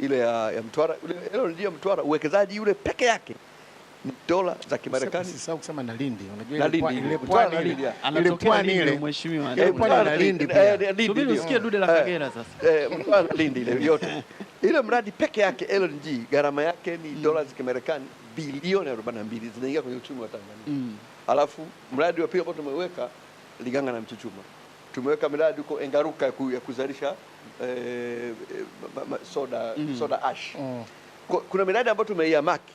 ile ya, ya Mtwara ile ya Mtwara, uwekezaji yule peke yake ni dola za Kimarekani. Sasa kusema na Lindi, unajua ile pwani ile anatokea ile mheshimiwa ile pwani na Lindi eh, pia. Subiri usikie dude la eh, Kagera sasa, eh Mtwara Lindi ile yote ile mradi peke yake LNG gharama yake ni mm. dola za Kimarekani bilioni 42 zinaingia kwenye uchumi wa Tanzania. Mm. Alafu mradi wa pili ambao tumeweka Liganga na Mchuchuma, tumeweka miradi huko Engaruka ya kuzalisha Eh, eh, soda, mm. soda ash mm. Kuna miradi ambayo tumeiamaki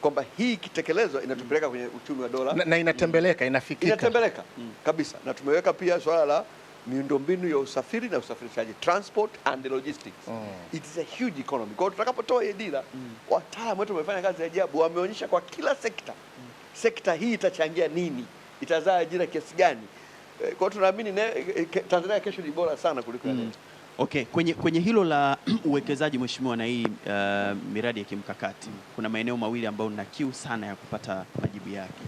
kwamba hii ikitekelezwa inatupeleka kwenye uchumi wa dola na, na inatembeleka inafikika, inatembeleka mm. kabisa, na tumeweka pia swala la miundombinu ya usafiri na usafirishaji transport and logistics mm. It is a huge economy. Kwa tutakapotoa hii dira mm. wataalamu wetu wamefanya kazi ya ajabu, wameonyesha kwa kila sekta mm. sekta hii itachangia nini, itazaa ajira kiasi gani. Eh, kwa tunaamini Tanzania kesho ni bora sana kuliko mm. Okay, kwenye, kwenye hilo la uwekezaji mheshimiwa, na hii uh, miradi ya kimkakati kuna maeneo mawili ambayo nina kiu sana ya kupata majibu yake.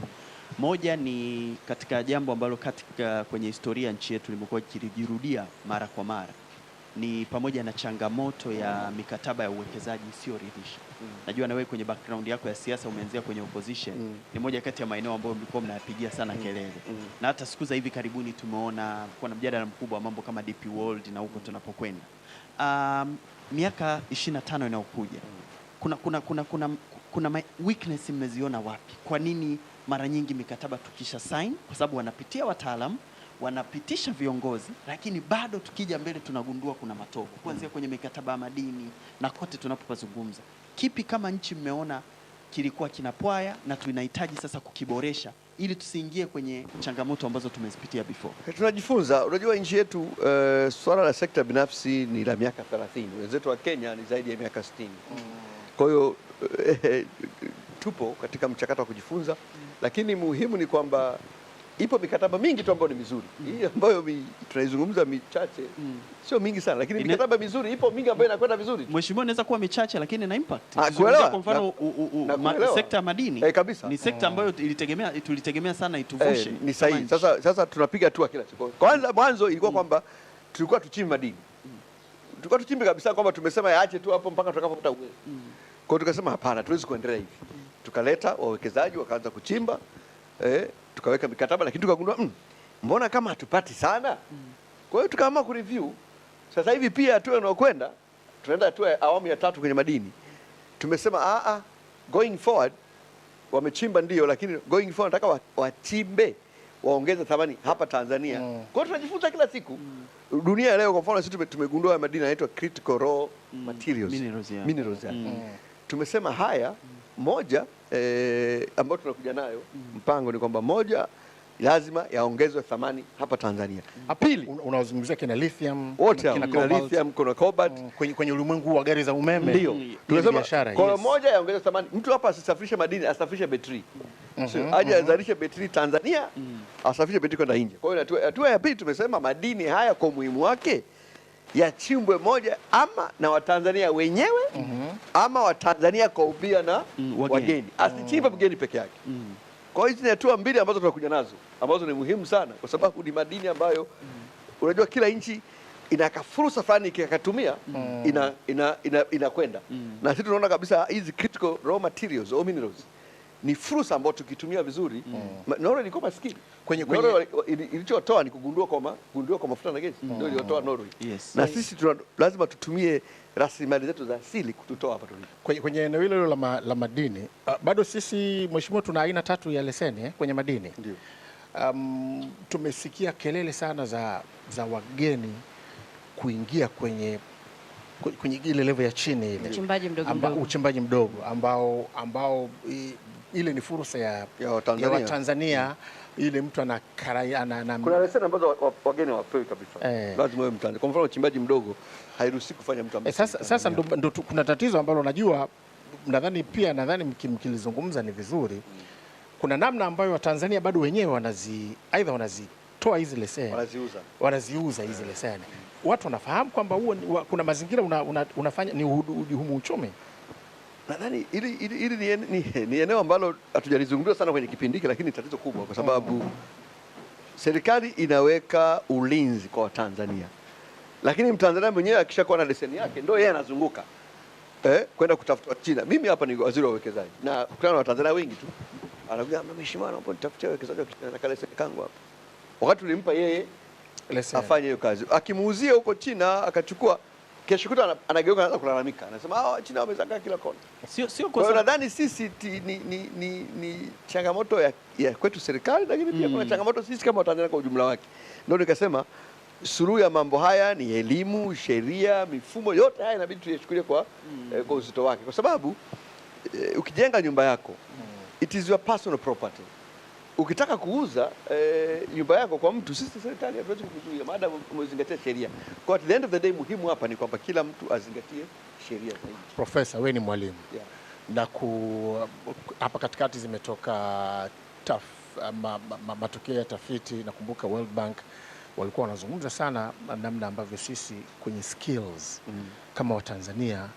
Moja ni katika jambo ambalo katika kwenye historia nchi yetu limekuwa likijirudia mara kwa mara ni pamoja na changamoto ya mikataba ya uwekezaji isiyoridhisha. Mm. Najua na wewe kwenye background yako ya siasa umeanzia kwenye opposition. Mm. Ni moja kati ya maeneo ambayo mlikuwa mnayapigia sana mm. kelele. Mm. Na hata siku za hivi karibuni tumeona kuwa na mjadala mkubwa wa mambo kama DP World na huko tunapokwenda. Um, miaka 25 inayokuja. Mm. Kuna kuna kuna kuna kuna weakness mmeziona wapi? Kwa nini mara nyingi mikataba tukisha sign kwa sababu wanapitia wataalamu wanapitisha viongozi, lakini bado tukija mbele tunagundua kuna matoko kuanzia kwenye mikataba ya madini na kote tunapopazungumza. Kipi kama nchi mmeona kilikuwa kinapwaya na tunahitaji sasa kukiboresha ili tusiingie kwenye changamoto ambazo tumezipitia before? Eh, tunajifunza. Unajua nchi yetu uh, swala la sekta binafsi ni la miaka 30, wenzetu wa Kenya ni zaidi ya miaka 60. Mm. Kwa hiyo eh, tupo katika mchakato wa kujifunza, mm. Lakini muhimu ni kwamba ipo mikataba mingi tu ambayo ni mizuri mm. Hii ambayo mi, tunaizungumza michache mm. Sio mingi sana lakini Ine... mikataba mizuri ipo mingi ambayo inakwenda vizuri. Mheshimiwa, inaweza kuwa michache lakini na impact. Ah, kwa mfano ma, sekta ya madini eh, kabisa. Ni sekta ambayo ilitegemea tulitegemea sana ituvushe. Eh, ni sahihi. Sasa, sasa tunapiga hatua kila siku. Kwanza mwanzo ilikuwa mm. kwamba tulikuwa tuchimbe madini mm. tulikuwa tuchimbe kabisa kwamba tumesema yaache tu hapo mpaka tutakapopata uwezo mm. Kwa hiyo tukasema hapana, tuwezi kuendelea hivi mm. Tukaleta wawekezaji wakaanza kuchimba eh, tukaweka mikataba, lakini tukagundua mm, mbona kama hatupati sana. Kwa hiyo tukaamua ku review Sasa hivi pia hatua inayokwenda tunaenda hatua awamu ya tatu kwenye madini, tumesema a ah, a ah, going forward, wamechimba ndio, lakini going forward nataka wachimbe waongeze thamani hapa Tanzania. Mm. Kwa hiyo tunajifunza kila siku. Mm. Dunia leo kwa mfano sisi tumegundua madini yanaitwa critical raw mm. materials minerals, yeah. minerals yeah. Mm. Mm tumesema haya moja e, ambayo tunakuja nayo mpango ni kwamba moja lazima yaongezwe thamani hapa Tanzania. Pili, unazungumzia kina lithium, wote kina kina lithium, kuna cobalt mm, kwenye, kwenye ulimwengu wa gari za umeme. Ndio. Tunasema kwa moja yaongezwe thamani. Mtu hapa asisafirishe madini, asafirishe betri. Mm -hmm, aje mm -hmm. azalishe betri Tanzania, mm. asafirishe betri kwenda nje. Kwa hiyo hatua ya pili tumesema madini haya kwa umuhimu wake yachimbwe moja ama na Watanzania wenyewe mm -hmm. ama Watanzania kwa ubia na mm, wageni asichimbe oh. mgeni peke yake mm. Kwa hiyo hizi ni hatua mbili ambazo tunakuja nazo ambazo ni muhimu sana, kwa sababu ni madini ambayo mm. unajua kila nchi ina fursa fulani ikikatumia mm. inakwenda ina, ina, ina mm. na sisi tunaona kabisa hizi critical raw materials au minerals ni fursa ambayo tukitumia vizuri mm. Norway ilikuwa maskini kwenye, kwenye... ilichotoa ni kugundua kwa kugundua kwa mafuta na gesi mm. Ndio iliyotoa Norway yes. Na sisi tuna, lazima tutumie rasilimali zetu za asili kututoa hapa tulipo. Kwenye, kwenye eneo hilo la, ma, la madini uh, bado sisi mheshimiwa, tuna aina tatu ya leseni eh, kwenye madini ndio Um, tumesikia kelele sana za, za wageni kuingia kwenye kwenye ile level ya chini ile uchimbaji mdogo, amba, mdogo. Uchimbaji mdogo ambao, ambao i, ile ni fursa ya, ya Tanzania mm. ile mtu ana karai ana na kuna leseni ambazo wageni wapewi kabisa eh. Lazima wewe mtani. Kwa mfano uchimbaji mdogo hairuhusi kufanya mtu ambaye eh, sasa, sasa ndo, ndo kuna tatizo ambalo najua nadhani pia nadhani mkilizungumza ni vizuri. mm. Kuna namna ambayo Watanzania bado wenyewe wanazi aidha wanazi wanatoa hizi leseni, wanaziuza, wanaziuza hizi leseni. Watu wanafahamu kwamba huo kuna mazingira una, una, unafanya ni uhujumu uchumi. Nadhani ili, ili, ili ni, ni, ni eneo ambalo hatujalizungumzia sana kwenye kipindi hiki, lakini tatizo kubwa kwa sababu mm. serikali inaweka ulinzi kwa Watanzania, lakini Mtanzania mwenyewe akishakuwa na leseni yake ndio yeye anazunguka eh, kwenda kutafuta China. Mimi hapa ni waziri wa uwekezaji na kutana na Watanzania wengi tu, anakuja mheshimiwa, naomba nitafutia uwekezaji na kaleseni kangu hapa wakati tulimpa yeye afanye hiyo kazi, akimuuzia huko China akachukua kesho kuta anageuka anaanza kulalamika, anasema hawa ah, China wamezagaa kila kona. Sio sio kwa sababu nadhani sisi ti, ni, ni, ni, ni changamoto ya, ya kwetu serikali, lakini pia mm. kuna changamoto sisi kama Watanzania kwa ujumla wake. Ndio nikasema suluhu ya mambo haya ni elimu, sheria, mifumo yote haya inabidi tuyachukulie kwa, mm. eh, kwa uzito wake, kwa sababu eh, ukijenga nyumba yako mm. it is your personal property ukitaka kuuza eh, nyumba e, yako kwa mtu, sisi serikali hatuwezi kukuzuia maada umezingatia sheria. Kwa at the end of the day, muhimu hapa ni kwamba kila mtu azingatie sheria zaidi. Profesa, wewe ni mwalimu yeah. na ku hapa katikati zimetoka taf, ma, ma, ma, matokeo ya tafiti. Nakumbuka World Bank walikuwa wanazungumza sana namna ambavyo sisi kwenye skills mm. kama Watanzania